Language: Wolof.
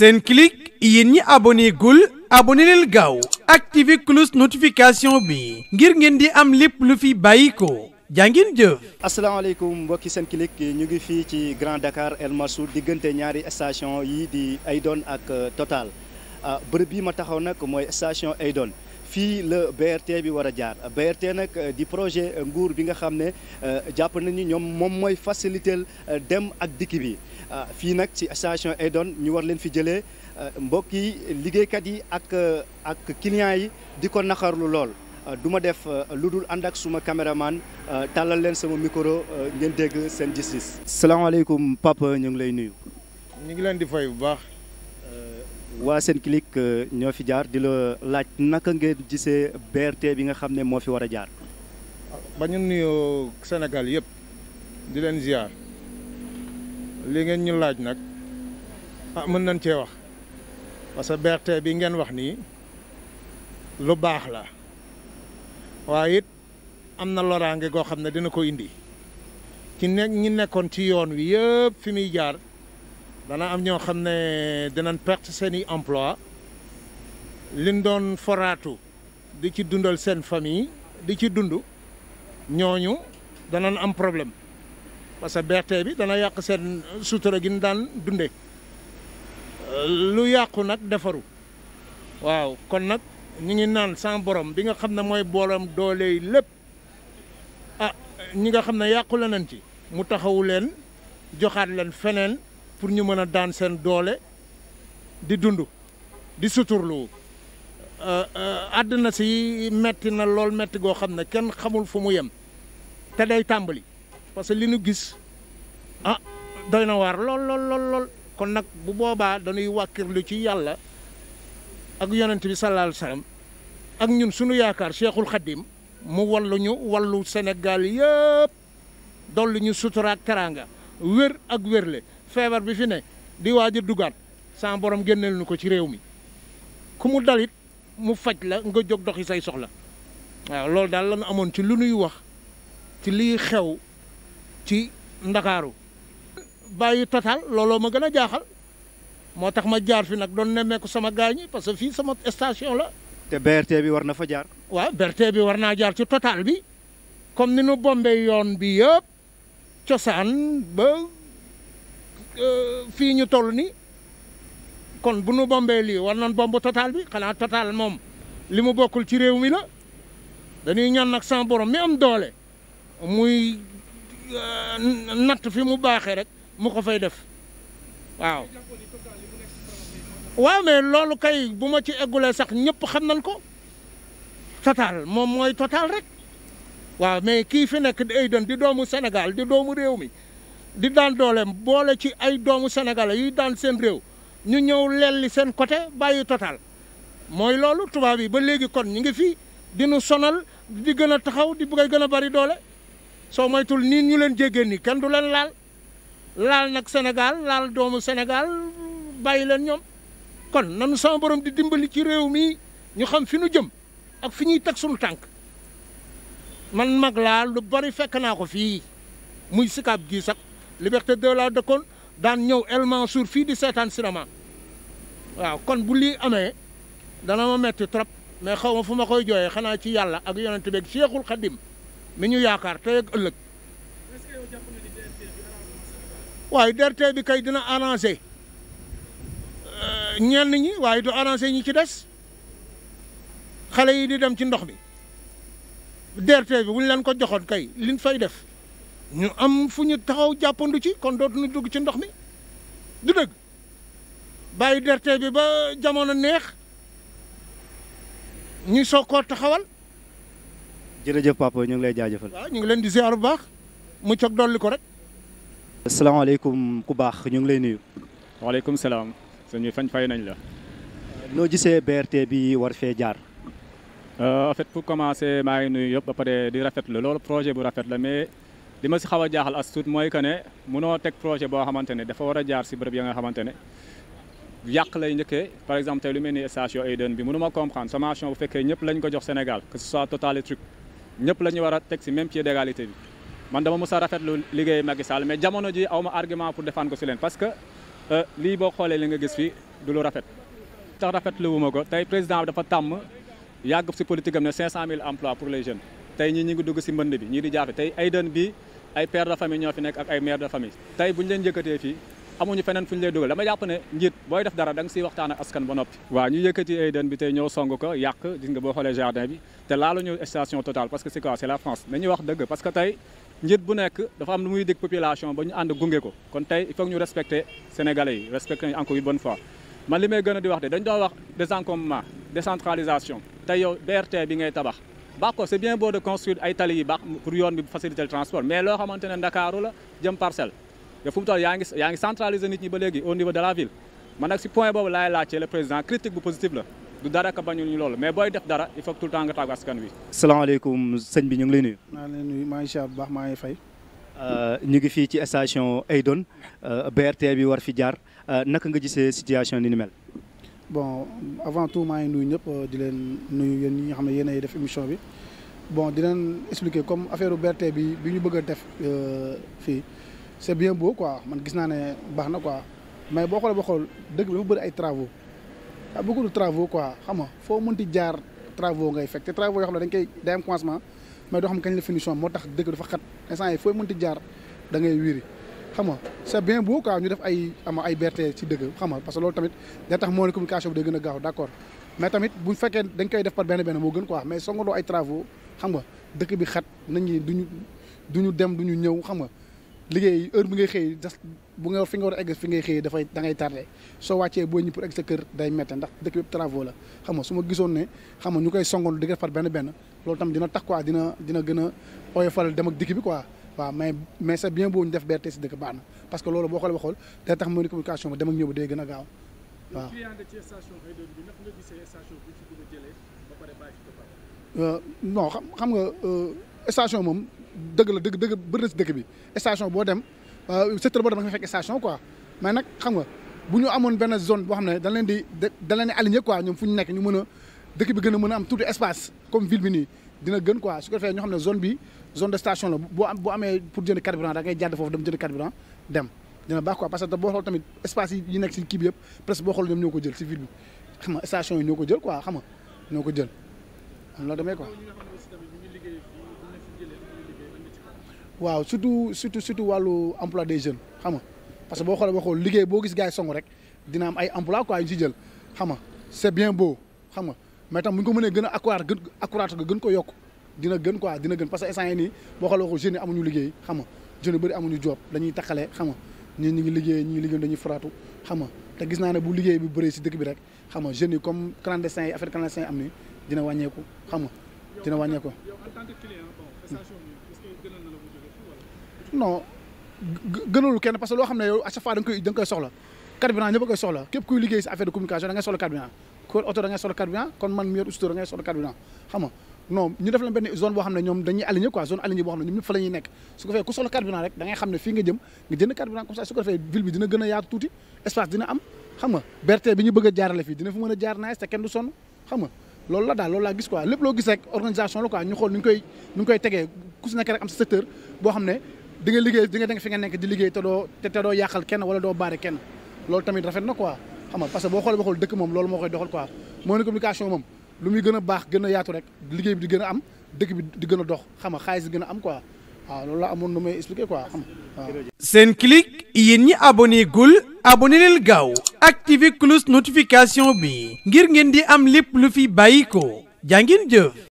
Senclic yéen ñi abonné gul abonné leen gaaw activé cloche notification bi ngir ngeen di am lépp lu fi bàyyi ko jàngin jëf. seen mbokki Senclic ñu ngi fii ci Grand Dakar El Mansour diggante ñaari station yi di ay Aydon ak euh, Total ah, bërëb bi ma taxaw nag mooy station Aydon. fii la BRT bi war a jaar BRT nag euh, di projet euh, nguur bi nga xam ne euh, jàpp nañu ñoom moom mooy faciliter dem ak dikk bi fii nag ci station Edon ñu war leen fi jëlee mbokk yi liggéeykat yi ak ak clients yi di ko naxarlu lool du ma def lu dul ànd ak suma caméraman tàllal leen sama micro ngeen dégg seen gis-gis. salaamaaleykum papa ñu ngi lay nuyu. ñu ngi leen di fay bu baax. waa seen Senclic euh, ñoo fi jaar di la laaj naka ngeen gisee berte bi nga xam ne moo fi war a jaar. bañu ñu nuyoo Sénégal yëpp di leen ziar li ngeen ñu laaj nag ah mën nañ cee wax parce que BRT bi ngeen wax nii lu baax la waaye it am na loraange goo xam ne dina ko indi ci ne ñu nekkoon ci yoon wi yëpp fi muy jaar. dana am ñoo xam ne dinañ perte seen i emploi liñ doon foraatu di ci dundal seen famille di ci dund ñooñu danañ am problème parce que berte bi dana yàq seen sutura gi ñu daan dunde euh, lu yàqu nag defaru waaw kon nag ñu ngi naan sans borom bi nga xam ne mooy borom doole yi lépp ah ñi nga xam ne yàqu la nañ ci mu taxawu leen joxaat leen feneen pour ñu mën a daan seen doole di dund di suturlu euh, euh, àddina si metti na lool metti goo xam ne kenn xamul fu mu yem te day tàmbali parce que li ñu gis ah doy na waar lool lool lool kon nag bu boobaa dañuy wàkkirlu ci yàlla ak yonent bi sallallahu alayhi ak ñun sunu yaakaar Cheikhul Khadim mu wallu ñu wallu Sénégal yëpp dolli ñu suturaak teraanga wér ak wérle feebar bi fi ne di waaj a dugaat sans borom génneel nu ko ci réew mi ku mu dalit mu faj la nga jóg doxi say soxla waaw loolu daal la ñu amoon ci lu nuy wax ci liy xew ci ndakaaru bàyyi tatal looloo ma gën a jaaxal moo tax ma jaar fi nag doon nemmeeku sama gaañi yi parce que fii sama station la. te BRT bi war na fa jaar. waaw BRT bi war naa jaar ci totaal bi kom ni nu bombee yoon bi yëpp cosaan ba. Euh, fii ñu toll ni kon bu nu bombee lii war nañ bomb totaal bi xanaa total moom li mu bokkul ci réew mi la dañuy ñaan nag sans borom mi am doole muy euh, natt fi mu baaxee rek mu ko fay def waaw waaw mais loolu kay bu ma ci eggulee sax ñépp xam nañ ko total moom mooy total rek waaw mais kii fi nekk di ay doon di doomu Sénégal di doomu réew mi di daan dooleem boole ci ay doomu sénégalais yuy daan seen réew ñu ñëw lelli seen côté bàyyi total mooy loolu tubaab yi ba léegi kon ñu ngi fi dinu sonal di gën a taxaw di bëgg gën a bari doole soo moytul nii ñu leen jéggéen nii kenn du leen laal laal nag Sénégal laal doomu Sénégal bàyyi leen ñoom kon nanu sama borom di dimbali ci réew mi ñu xam fi nu jëm ak fi ñuy teg suñu tànk man mag laal lu bari fekk naa ko fii muy sikaab gii sax liberté de la dëkkoon daan ñëw El suur fii di seetaan cinéma waaw kon bu lii amee dana ma metti trop mais xaw ma fu ma koy jooyee xanaa ci yàlla ak yonent beeg xa Khadim mi ñu yaakaar tey ak ëllëg waaye DRT bi kay dina arrangé euh, ñenn ñi waaye du arrangé ñi ci des xale yi di dem ci ndox bi DRT bi bu ñu leen ko joxoon kay liñ fay def ñu am fu ñu taxaw jàppandu ci kon dootuñu dugg ci ndox mi du dëgg bàyyi derte bi ba jamono neex ñu soog koo taxawal. jërëjëf papa ñu ngi lay jaajëfal. waaw ñu ngi leen di ziar bu baax mu cog dolli ko rek. asalaamaaleykum ku baax ñu ngi lay nuyu. waaleykum salaam. suñu fañ fay nañ la. noo gisee BRT bi war fee jaar. Euh, en fait pour commencer maa ngi nuyu yëpp ba pare di rafetlu loolu projet bu rafet la mais. li ma si xaw a jaaxal as mooy que ne munoo teg projet boo xamante ne dafa war a jaar si bërëb ya nga xamante ne yàq lay njëkkee par exemple tey lu mel ni station Aïdène bi mënuma comprendre sommation bu fekkee ñëpp lañ ko jox Sénégal que ce soit Total et truc ñëpp la ñu war a teg si même pied d'égalité bi man dama mos a rafetlu liggéey Macky Sall mais jamono ji awma argument pour défendre ko si leen parce que euh, lii boo xoolee li nga gis fii du lu rafet tax rafetlu wu ma ko tey président bi tàmm yàgg si politique am ne 500 000 emplois pour les jeunes tey ñii ñi ngi dugg si mbënd bi ñii di jaafe tey Aïdène bi ay père de famille ñoo fi nekk ak ay mère de famille tey bu ñu leen yëkkatee fii amuñu feneen fu ñu lay dugal dama jàpp ne njiit booy def dara da nga siy waxtaan ak askan ba noppi waaw ñu yëkkati Aydan bi tey ñëw song ko yàq gis boo xoolee jardin bi te laaluñu station Total parce que c'est quoi c'est la France nañuy wax dëgg parce que tey njiit bu nekk dafa am lu muy dig population ba ñu ànd gunge ko kon tey il ñu respecter sénégalais yi respecter nañu encore une bonne fois li may gën a di wax dañ doon wax désencombrement décentralisation tey yow BRT bi ngay tabax baax ko c'est bien beau de construire ay tali yi baax pour yoon bi faciliter le transport mais loo xamante ne ndakaaru la jëm parcelle yo fu mu toll yaa ngi yaa nit ñi ba léegi au niveau de la ville man nag si point boobu laay laajte le président critique bu positif la du dara ka bañu ñu loolu mais booy def dara il faut tout le temps nga tàggu askan wi. salaamaaleykum sëñ bi ñu ngi lay nuyu. maa ngi lay nuyu baax maa fay. Euh, ñu ngi fii ci station Aydon euh, BRT bi war fi jaar euh, naka nga gisee situation ni bon avant tout maa ngi nuyu ñëpp euh, di leen nuyu yéen ñi nga xam ne yéen ay def émission bi bon di leen expliquer comme affaire BRT bi bi ñu bëgg a def euh, fii c'est bien beau quoi man gis naa ne baax na ko mais boo xoolee boo xool dëkk bi dafa bëri ay travaux ah beaucoup de travaux quoi xam nga foo mënti jaar travaux ngay fekk te travaux yoo xam ne dañ koy day am mais doo xam kañ la finition moo tax dëkk dafa xat instant yi foo mënti jaar da ngay wiiri xam nga c'est bien beau quoi ñu def ay ama ay BRT ci dëgg xam nga parce que loolu tamit day tax moo ne communication bi day gën a gaaw d'accord mais tamit bu koy def par benn benn moo gën quoi mais songandoo ay travaux xam nga dëkk bi xat nañ ñi duñu duñu dem duñu ñëw xam nga liggéey heure bi ngay xëy das bu nga fi nga war xëy dafay dangay ngay tardé soo wàccee boo ñi pour egg sa kër day métte ndax dëkk bi travaux la xam nga su ma gisoon ne xam nga ñu koy songoon di ko def par benn benn loolu tamit dina tax quoi dina dina gën a falal dem ak dikk bi quoi waaw mais mais c'est bien beau ñu def BRT si dëkk baax na parce que loolu boo xoolee ba xool day tax a waaw. Euh, non xam xam nga euh, station moom dëgg la dëgg dëgg bëri na si dëkk bi station boo dem secteur boo dem da nga fekk station quoi mais nag xam nga bu ñu amoon benn zone boo xam ne dañ leen di dañ leen di aligné quoi ñoom fu ñu nekk ñu mën a dëkk bi gën a mën a am tuuti espace comme ville bi nii dina gën quoi su ko defee ñoo xam ne zone bi zone de station la boo am boo amee pour jënd carburant da ngay jàdd foofu dem jënd carburant dem dina baax quoi parce que boo xool tamit espace yi nekk si kii yëpp presque boo xool ko jël si ñoo ko jël quoi xam nga ko loolu demee quoi. waaw surtout surtout surtout wàllu emploi des jeunes xam nga parce que boo xoolee xool liggéey boo gis gars yi song rek dina am ay emploi quoi yu ñu si jël xam nga c'est bien beau xam nga mais tam bu ko mënee gën a accroître gën accroître gën ko yokk. dina gën quoi dina gën parce que instant yii nii boo xoolee waxu jeunes yi amuñu liggéey xam nga jeunes yu bëri amuñu job dañuy taxalee xam nga ñii ñu ngi liggéey ñi ngi liggéey dañuy faratu xam te gis naa ne bu liggéey bi bëri si dëkk bi rek xam nga jeunes yi comme clandestin yi affaire clandestin yi am ni dina wàññeeku xam nga dina wàññeeku non gënalul kenn parce que loo xam ne yow chaque fois da soxla carburant a koy soxla képp kuy liggéey si kon man miir aussitôt da ngay soxla carburant xam nga non ñu def la benn zone boo xam ne ñoom dañuy aligné quoi zone alignée boo xam ne ñoom ñëpp fa la nekk su ko fee ku soxla carburant rek da xam ne fii nga jëm nga jënd carburant comme ça ko defee a yaatu a jaarale a jaar naes te kenn du sonn xam nga loolu la daal loolu ku si nekk rek am sa secteur boo xam ne di nga liggéey di nga nekk fi nga nekk di liggéey te doo te kenn wala doo baare kenn loolu tamit rafet na quoi xam nga parce que boo xoolee boo xool dëkk moom loolu moo koy doxal quoi moo ne communication moom lu muy gën a baax gën a yaatu rek liggéey bi di gën a am dëkk bi di gën a dox xam nga xaalis gën a am quoi waaw loolu la amoon nu may expliquer quoi xam nga waaw. Senclic yéen ñi abonné gul abonné gaaw activé cloche notification bi ngir ngeen di am lépp lu fi bàyyi ko jaa ngeen jëf.